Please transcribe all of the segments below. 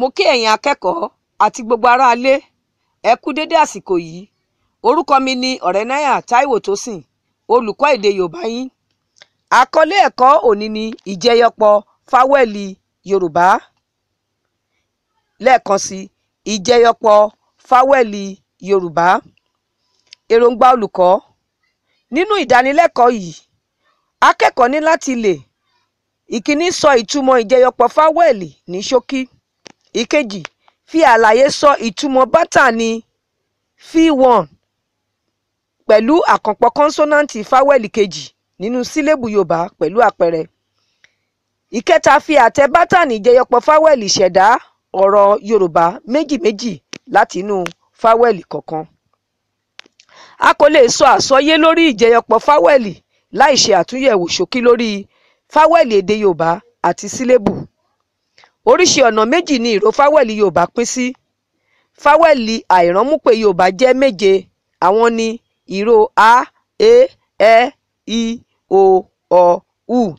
mo kí ẹ̀yin akẹ́kọ̀ọ́ àti gbogbo aráalé ẹ kú dédé àsìkò yìí orúkọ mi ni ọ̀rẹ́náyà táíwò tósìn olùkọ́ èdè yorùbá yín àkọlé ẹ̀kọ́ òní ni ìjẹyọpọ̀ fáwẹ́lì yorùbá lẹ́ẹ̀kan sí ìjẹyọpọ̀ fáwẹ́lì yorùbá èròǹgbà olùkọ́ nínú ìdánilẹ́kọ̀ọ́ yìí akẹ́kọ̀ọ́ ní láti lè ìkíní sọ ìtumọ̀ ìjẹyọpọ̀ fáwẹ́lì ní ṣókí ìkejì fi àlàyé sọ ìtumọ̀ bátà ní fí one pẹ̀lú àkànpọ̀ kọ́nsọ́náǹtì fáwẹ́lì kejì nínú sílébù yorùbá pẹ̀lú àpẹẹrẹ. ìkẹta fi àtẹ bátànì jẹyọpọ̀ fáwẹ́lì ṣẹ̀dá ọ̀rọ̀ yorùbá méjì méjì láti inú fáwẹ́lì kọ̀ọ̀kan. a kò lè sọ àsọyé lórí ìjẹyọpọ̀ fáwẹ́lì láì ṣe àtúnyẹ̀wò ṣókí lórí fáwẹ́lì èdè yorùbá àti sílébù. Oríṣi ọ̀nà méjì ni ìró fáwẹ́ẹ̀lì Yorùbá pín sí. Fáwẹ́ẹ̀lì àìrọ́múpé Yorùbá jẹ́ méje, àwọn ni: ìró a, e ẹ́, e, i o, ọ, u,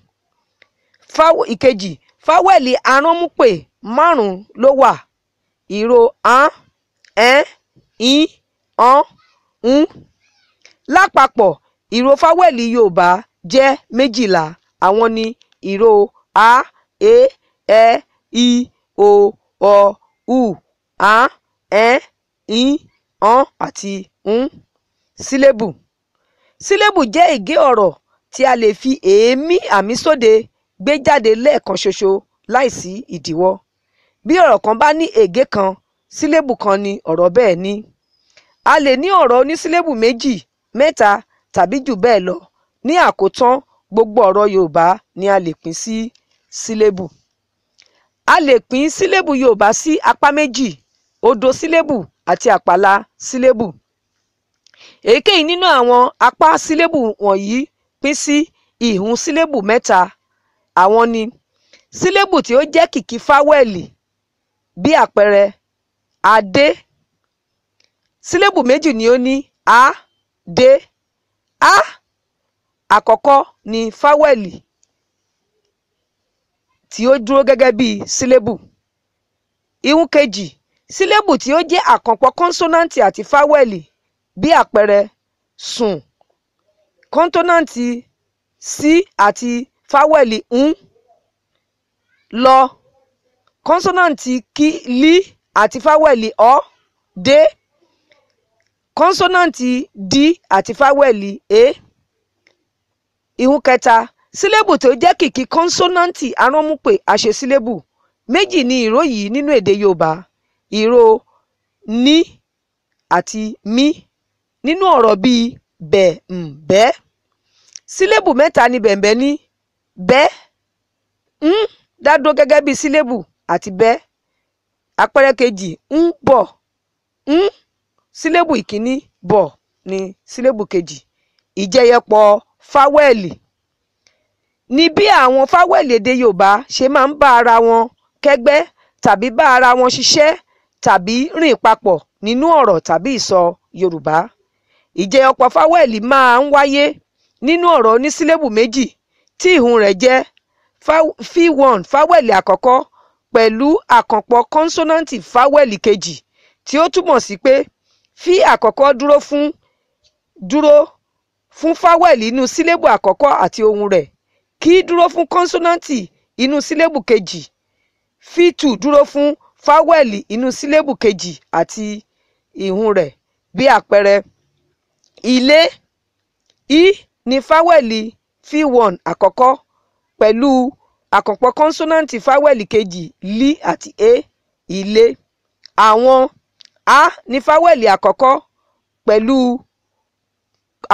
Ìkejì, fáwẹ́ẹ̀lì aránmúpé márùn-ún ló wà: ìró an, ẹn, ín, ọ́n, ún. Lápapọ̀, ìró fáwẹ́ẹ̀lì Yorùbá jẹ́ méjìlá, àwọn ni: ìró a, é, e, ẹ́, e, I o O u á ẹ̀ í ọ̀n àti ń. Sílébù Sílébù jẹ́ ègé ọ̀rọ̀ tí a lè fi èémí àmísóde gbé jáde lẹ́ẹ̀kan ṣoṣo láìsí ìdíwọ́. Bí ọ̀rọ̀ kan bá ní ègé kan, sílébù kan ni ọ̀rọ̀ bẹ́ẹ̀ ní. A lè ní ọ̀rọ̀ onísílébù méjì, mẹ́ta tàbí jù bẹ́ẹ̀ lọ. Ní àkótán, gbogbo ọ̀rọ̀ Yorùbá ni a lè pín sí sílébù a lè pín sílébù yorùbá sí apá méjì òdo sílébù àti àpàlà sílébù èyíkéyìí nínú àwọn apá sílébù wọ̀nyí pín sí ìhun sílébù mẹ́ta àwọn ni sílébù tí ó jẹ́ kìkì fáwẹ́lì bí àpẹẹrẹ adé sílébù méjì ni ó ní a dé a àkọ́kọ́ ni fáwẹ́lì tí ó dúró gẹ́gẹ́ bí sílébù. Ihun kejì, sílébù tí ó jẹ́ àkànpọ̀ kọ́nsọ́náǹtì àti fáwẹ́lì bí àpẹẹrẹ sùn, kọ́ńtọ́náǹtì s àti fáwẹ́lì n, lọ, kọ́ńsọ́náǹtì l àti fáwẹ́lì ọ, dé, kọ́ńsọ́náǹtì d àti fáwẹ́lì e. Ihun kẹta, Sílébù tó jẹ́ kìkì kọ́nsọ́náǹtì aránmúpè aṣesílébù méjì ni ìró yìí nínú èdè Yorùbá: ìró n àti m nínú ọ̀rọ̀ bíi bẹ̀m̀bẹ́. Sílébù mẹ́ta ni bẹ̀m̀bẹ́ ní: bẹ́ ń dá dúró gẹ́gẹ́ bíi sílébù àti bẹ́. Àpẹẹrẹ kejì ń bọ̀ ń sílébù ìkíní bọ̀ ní sílébù kejì. Ìjẹyẹpọ̀ fáwẹ́ẹ̀lì ni bí àwọn fáwẹ́lì èdè yorùbá ṣe máa ń bá ara wọn kẹ́gbẹ́ tàbí bá ara wọn ṣiṣẹ́ tàbí rìn papọ̀ nínú ọ̀rọ̀ tàbí ìsọ yorùbá ìjẹyọ̀pọ̀ fáwẹ́lì máa ń wáyé nínú ọ̀rọ̀ onísílẹ́bù méjì tí ìhun rẹ̀ jẹ́ fi1 fáwẹ́lì àkọ́kọ́ pẹ̀lú àkànpọ̀ kọ́nsọ́náǹtì fáwẹ́lì kejì tí ó túmọ̀ sí pé fi àkọ́kọ́ dúró fún dúró fún fáwẹ́lì inú sílẹ́bù àkọ́kọ́ àti ohùn rẹ̀ Kí dúró fún kọ́nsọ́náǹtì inú sílébù kejì, Fi2 dúró fún fáwẹ́ẹ̀lì inú sílébù kejì àti ìhun rẹ̀. Bí àpẹẹrẹ, ilé i ni fáwẹ́ẹ̀lì Fi1 àkọ́kọ́, pẹ̀lú àkànpọ̀ kọ́nsọ́náǹtì fáwẹ́ẹ̀lì kejì li àti a (ilé). Àwọn a ni fáwẹ́ẹ̀lì àkọ́kọ́, pẹ̀lú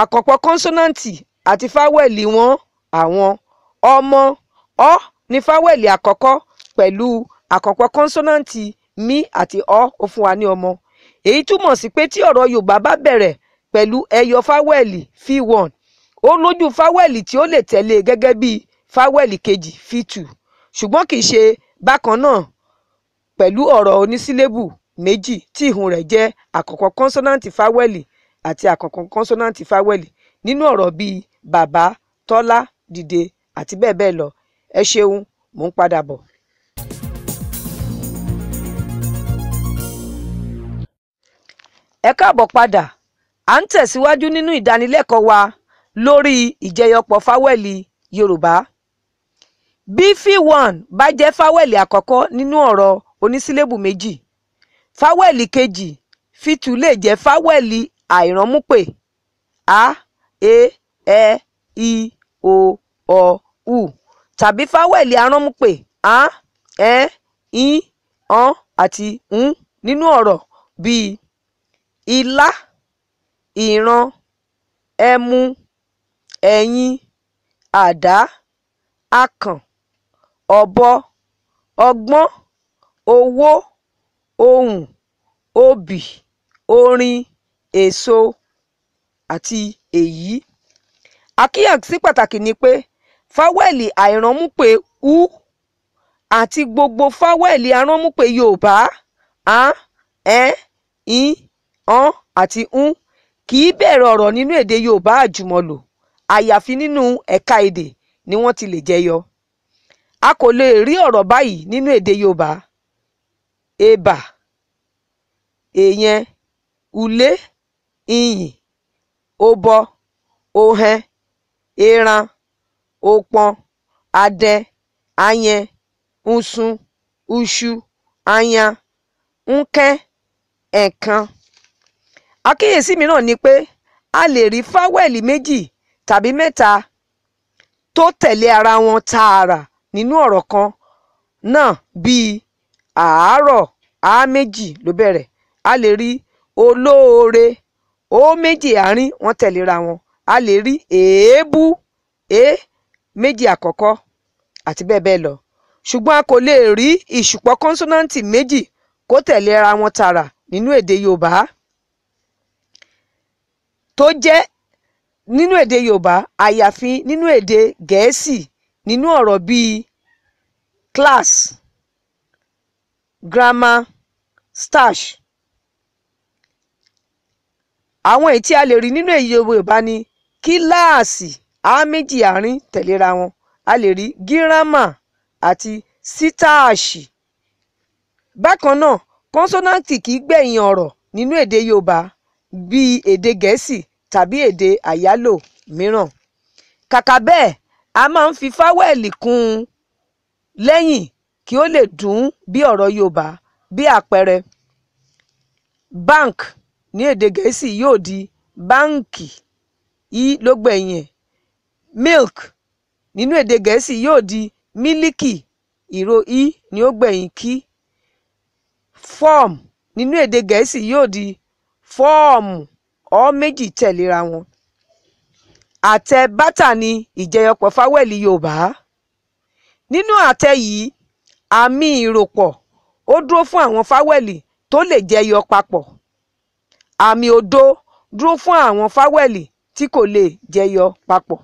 àkànpọ̀ kọ́nsọ́náǹtì àti fáwẹ́ẹ̀lì wọn (àwọn) ọmọ ọ ní fáwẹ́lì àkọ́kọ́ pẹ̀lú àkànpọ̀ kọ́ńsónáǹtì mí àti ọ ó fún wa ní ọmọ èyí túmọ̀ sí pé tí ọ̀rọ̀ yorùbá bá bẹ̀rẹ̀ pẹ̀lú ẹyọ fáwẹ́lì v1 ó lójú fáwẹ́lì tí ó lè tẹ̀lé gẹ́gẹ́ bí fáwẹ́lì kejì v2 ṣùgbọ́n kì í ṣe bákan náà pẹ̀lú ọ̀rọ̀ onísílébù méjì tí ìhun rẹ̀ jẹ́ àkànpọ̀ kọ́ńsónáǹtì fáwẹ́lì àti àkànpọ̀ kọ́ńsónáǹtì fáwẹ́lì nínú ọ̀rọ̀ bíi bàbá tọ́lá dìde àti bẹ́ẹ̀ bẹ́ẹ̀ lọ. Ẹ ṣeun, mò ń padà bọ̀. Ẹ káàbọ̀ padà, à ń tẹ̀síwájú nínú ìdánilẹ́kọ̀ọ́ wa lórí ìjẹyọpọ̀ fáwẹ̀lì Yorùbá. Bí F1 bá jẹ́ fáwẹ̀lì àkọ́kọ́ nínú ọ̀rọ̀ onísílébù méjì, fáwẹ̀lì kejì F2 lè jẹ́ fáwẹ̀lì àìrọ́múpè a, e, e i, o, o ù tàbí fáwẹ́lì aránmúpè a ẹ e, i, ọ̀n àti ń nínú ọ̀rọ̀ bíi ilá, ìran, ẹmu, ẹ̀yin, àdá, akàn, ọ̀bọ, ọgbọ́n, owó, ohùn, obì, orin, èso, àti èyí. Àkíyèsí pàtàkì ni pé fáwẹ́ẹ̀lì àìrọ́múpè u àti gbogbo fáwẹ́ẹ̀lì aránmúpè Yorùbá a ẹ i ọn àti un kì í bẹ̀rẹ̀ ọ̀rọ̀ nínú èdè Yorùbá àjùmọ̀lò àyàfi nínú ẹ̀ka èdè ni wọ́n ti lè jẹyọ. A kò lè rí ọ̀rọ̀ báyìí nínú èdè Yorùbá èbà èyẹn ulé iyìn òbọ òhẹn èran ụkpọ, ade, anye, ùsùn, ụ̀shù, aáyán, ńkẹ́, ẹ̀ẹ̀kan. Àkíyèsí mìíràn ni pé a lè rí fáwẹ́ẹ̀lì méjì tàbí mẹ́ta tó tẹ̀lé ara wọn tààrà nínú ọ̀rọ̀ kan náà bíi àárọ̀ áá méjì ló bẹ̀rẹ̀, a lè rí olóore ó méjì àárín wọn tẹ̀léra wọn, a lè rí èébú é méjì àkọ́kọ́, àti bẹ́ẹ̀ bẹ́ẹ̀ lọ. Ṣùgbọ́n a kò lè rí ìṣùpọ̀ kọ́nsọ́náǹtì méjì kó tẹ̀léra wọn tààrà nínú èdè Yorùbá tó jẹ́ nínú èdè Yorùbá àyàfi nínú èdè Gẹ̀ẹ́sì nínú ọ̀rọ̀ bíi class, grammar, stash. Àwọn èyí tí a lè rí nínú èdè Yorùbá ni kíláàsì Há méjì àárín tẹ̀léra wọn, a lè rí gírámà àti sítáàṣì. Bákan náà, kọ́ńsónáǹtì kìí gbẹ̀yìn ọ̀rọ̀ nínú èdè Yorùbá bíi èdè Gẹ̀ẹ́sì tàbí èdè àyálò mìíràn. Kàkà bẹ́ẹ̀, a máa ń fi fáwẹ́ẹ̀lì kún un lẹ́yìn kí ó lè dún bí ọ̀rọ̀ Yorùbá. Bí àpẹẹrẹ, bank ní èdè Gẹ̀ẹ́sì yóò di báǹkì, -y ló gbẹ̀yìn ẹ̀. Milk nínú èdè Gẹ̀ẹ́sì yóò di mílíkì (ìró e ni ó gbẹ̀yìn "kí"), form nínú èdè Gẹ̀ẹ́sì yóò di fọ́ọ̀mù (ọ̀ méjì tẹ̀léra wọn), àtẹ bátà ni ìjẹyọpọ̀ fáwẹ́ẹ̀lì Yorùbá. Nínú àtẹ yìí, àmì ìròpọ̀ ó dúró fún àwọn fáwẹ́ẹ̀lì tó lè jẹyọ papọ̀, àmì òdo dúró fún àwọn fáwẹ́ẹ̀lì tí kò lè jẹyọ papọ̀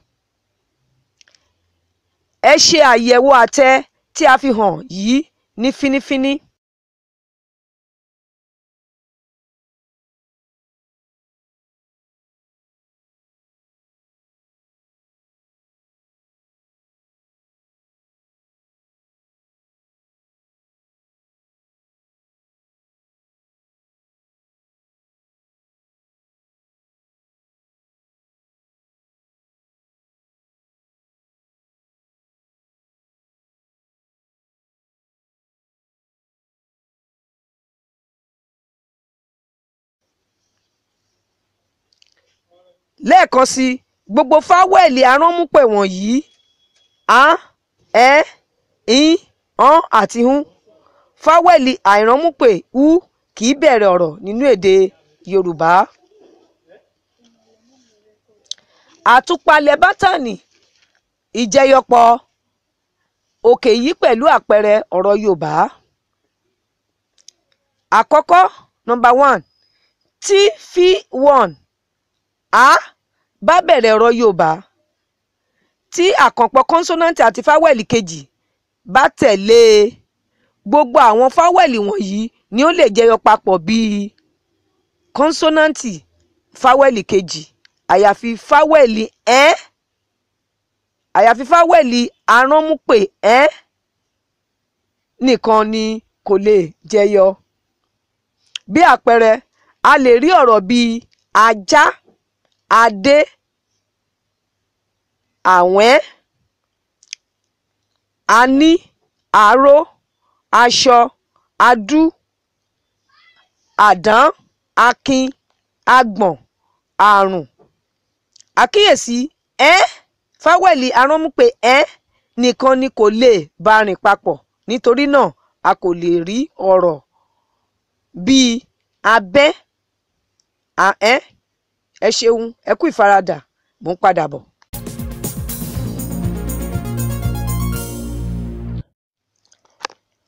ẹ ṣe àyẹ̀wò àtẹ tí a fi hàn yìí ní fínífíní lẹ́ẹ̀kan sí i gbogbo fáwẹ́ẹ̀lì aránmúpè wọ̀nyí a ẹ i ọn àti hun fáwẹ́ẹ̀lì àìránmúpè u kì í bẹ̀rẹ̀ ọ̀rọ̀ nínú èdè Yorùbá. àtúpalẹ̀ bátànì ìjẹyọpọ̀ òkè yìí pẹ̀lú àpẹẹrẹ ọ̀rọ̀ Yorùbá. àkọ́kọ́ number one T fi one a bá bẹ̀rẹ̀ ọ̀rọ̀ yorùbá tí àkànpọ̀ kọ́ńsónáǹtì àti fáwẹ́lì kejì bá tẹ̀lé e gbogbo àwọn fáwẹ́lì wọ̀nyí ni ó lè jẹyọ papọ̀ bíi kọ́ńsónáǹtì fáwẹ́lì kejì àyàfi fáwẹ́lì ẹ́ àyàfi fáwẹ́lì aránmúpè ẹ́ nìkan ni kò lè jẹyọ bí àpẹẹrẹ a lè rí ọ̀rọ̀ bíi ajá Adé àwẹ̀n Ani, Aro, aṣọ Adu, àdán akin àgbọ̀n àrùn àkíyèsí um Fáwẹ́lì aránmúpe um nìkan ni kò lè bá rìn papọ̀, nítorí náà a kò lè rí ọ̀rọ̀ bí abẹ́ um ẹ ṣeun ẹ kú ìfaradà mò ń padà bọ̀.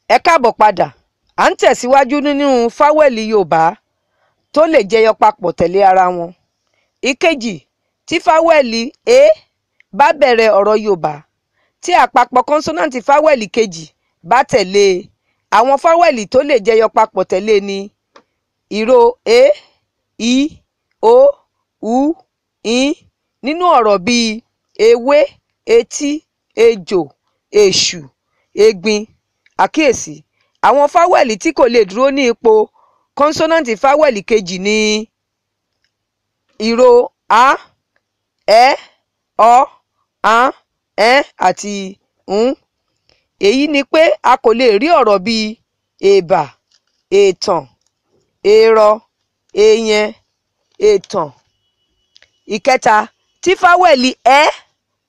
ẹ káàbọ̀ padà à ń tẹ̀síwájú nínú fáwẹ́lì yorùbá tó lè jẹyọ papọ̀ tẹ̀lé ara wọn ìkejì tí fáwẹ́lì a bá bẹ̀rẹ̀ ọ̀rọ̀ yorùbá tí àpapọ̀ kọ́nsọ́nàǹtì fáwẹ́lì kejì bá tẹ̀lé e àwọn fáwẹ́lì tó lè jẹyọ papọ̀ tẹ̀lé e ni ìró e i o u in nínú ọ̀rọ̀ bíi ewé, etí, ejò, èṣù, egbin. Àkíyèsí: Àwọn fáwẹ́ẹ̀lì tí kò lè dúró ní ipò kọ́nsọ́náǹtì fáwẹ́ẹ̀lì kejì ni ìró a, ẹ, ọ, án, ẹn àti ún. Èyí ni pé a kò lè rí ọ̀rọ̀ bíi èbà, ètàn, èèrọ, èèyàn, ètàn ìkẹta tí fáwẹ́lì ẹ e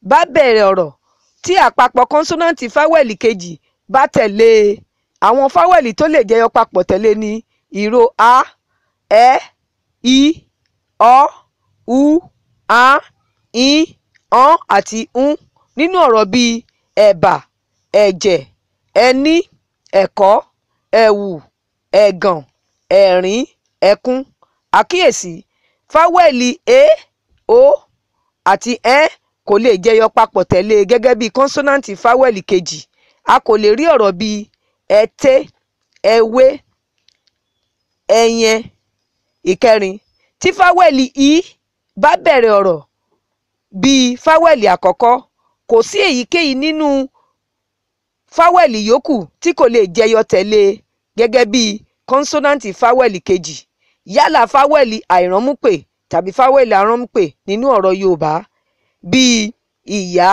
bá bẹ̀rẹ̀ ọ̀rọ̀ tí àpapọ̀ kọ́ńsónáǹtì fáwẹ́lì kejì bá tẹ̀lé e àwọn fáwẹ́lì tó lè jẹyọ papọ̀ tẹ̀lé e ni ìró a ẹ e, i ọ u a i ọ́n àti ń nínú ọ̀rọ̀ bíi ẹ̀bà ẹ̀jẹ̀ ẹní ẹ̀kọ́ ẹ̀wù ẹ̀gàn ẹ̀rín ẹkún àkíyèsí fáwẹ́lì e. Eh, o àti n e kò lè jẹyọ papọ̀ tẹ̀lé e gẹ́gẹ́ bí kọ́ńsónáǹtì fáwẹ́lì kejì a kò lè rí ọ̀rọ̀ bí ẹté ẹwé ẹyẹn ìkẹrin tí fáwẹ́lì i bá bẹ̀rẹ̀ ọ̀rọ̀ bíi fáwẹ́lì àkọ́kọ́ kò sí èyíkéyìí nínú fáwẹ́lì yòókù tí kò lè jẹyọ tẹ̀lé e bí kọ́ńsónáǹtì fáwẹ́lì kejì yálà fáwẹ́lì àìránmúpè tàbí fáwẹ́lì aránpè nínú ọ̀rọ̀ Yorùbá bíi ìyá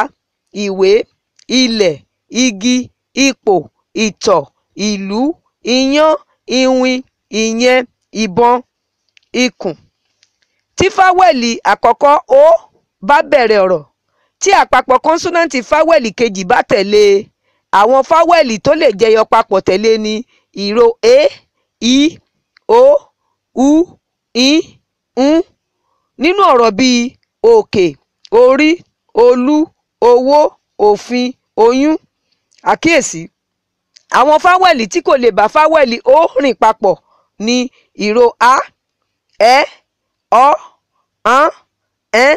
ìwé ilẹ̀ igi ipò ìtọ̀ ìlú iyán iwin ìyẹn ìbọn ìkùn. Tí fáwẹ́lì àkọ́kọ́ ó bá bẹ̀rẹ̀ ọ̀rọ̀, tí àpapọ̀ kọ́nsọ́náǹtì fáwẹ́lì kejì bá tẹ̀lé e, àwọn fáwẹ́lì tó lè jẹyọ papọ̀ tẹ̀lé e ni ìró e, i o u, i ń nínú ọ̀rọ̀ bíi òkè orí olú owó òfin oyún. àkíyèsí: àwọn fáwẹ́lì tí kò lè bá fáwẹ́lì ó rìn papọ̀ ní ìró a ẹ́ ọ́ ọ́n ẹn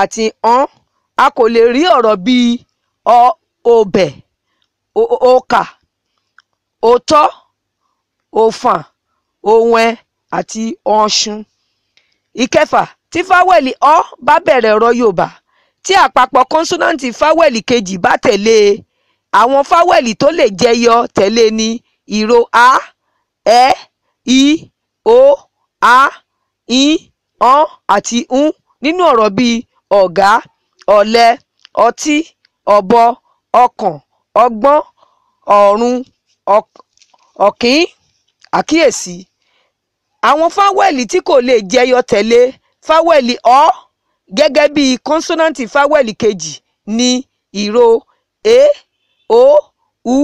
àti ọ̀n a kò lè rí ọ̀rọ̀ bíi ọ ọbẹ̀ ọkà òótọ́ òfàn òwẹ̀n àti ọ̀ṣun. ìkẹfà tí fáwẹ́lì "ọ" bá bẹ̀rẹ̀ ọ̀rọ̀ yorùbá tí àpapọ̀ kọ́ńsónáǹtì fáwẹ́lì kejì bá tẹ̀lé e àwọn fáwẹ́lì tó lè jẹyọ tẹ̀lé e ni ìró a ẹ i o a i ọ àti u nínú ọ̀rọ̀ bíi ọ̀gá ọ̀lẹ ọtí ọ̀bọ ọkàn ọgbọ́n ọ̀run ọ̀kín àkíyèsí àwọn fáwẹ́lì tí kò lè jẹyọ tẹ̀lé fáwẹ́lì ọ gẹ́gẹ́ bí kọ́nsọ́náǹtì fáwẹ́lì kejì ni ìró e o u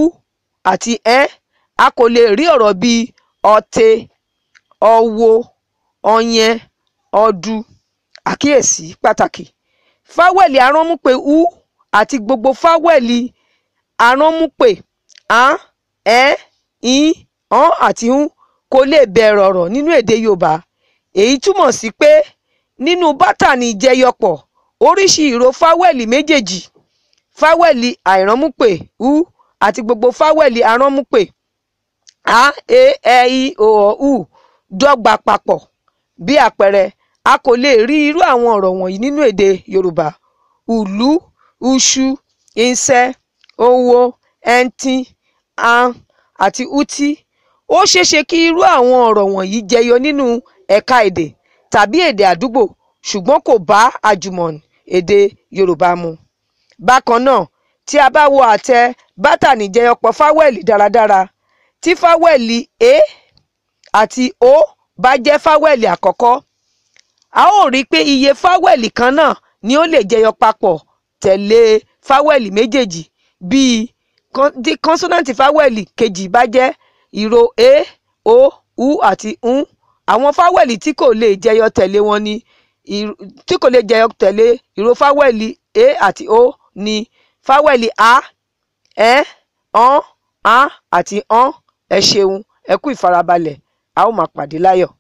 àti ẹ e. a kò lè rí ọ̀rọ̀ bí ọ̀tẹ̀ ọ̀wọ̀ ọ̀yẹn ọ̀dù àkíyèsí pàtàkì fáwẹ́lì aránmúpè u àti gbogbo fáwẹ́lì aránmúpè an ẹ e, in ọ́n àti un kò lè bẹ̀rẹ̀ ọ̀rọ̀ nínú èdè Yorùbá èyí túmọ̀ sí pé nínú bátà ní ìjẹyọpọ̀ oríṣi ìró fáwẹ́lì méjèèjì fáwẹ́lì àìránmúpè (u) àti gbogbo fáwẹ́lì aránmúpè (a e ẹ e, i o u) dọ́gba papọ̀. Bí àpẹẹrẹ, a kò lè rí irú àwọn ọ̀rọ̀ wọ̀nyí nínú èdè Yorùbá: ùlú uṣu ńṣẹ́ oǹwo ẹntì an àti útì. Ó ṣeé ṣe kí irú àwọn ọ̀rọ̀ wọ̀nyí jẹyọ nínú ẹ̀ka-èdè tàbí èdè àdúgbò ṣùgbọ́n kò bá àjùmọ̀n èdè Yorùbá mu. Bákan náà, tí a bá wo àtẹ bátànì jẹyọpọ̀ fáwẹ́ẹ̀lì dáradára, tí fáwẹ́ẹ̀lì a àti o bá jẹ́ fáwẹ́ẹ̀lì àkọ́kọ́, a ó rí i pé iye fáwẹ́ẹ̀lì kan náà ni ó lè jẹyọ papọ̀ tẹ̀lé fáwẹ́ẹ̀lì méjèèjì bí tí kọ́nsọ́náǹtì fáwẹ́ẹ̀lì kejì bá jẹ́ ìró e, o, u àti ń àwọn fáwẹ́lì tí kò lè jẹyọ tẹ̀lé wọn ni tí kò lè jẹyọ tẹ̀lé ìró fáwẹ́lì a àti o ni fáwẹ́lì a ẹ ọ́n á àti ọ́n ẹ ṣeun ẹ kú ìfarabalẹ̀ a ó máa pàdé láyọ̀.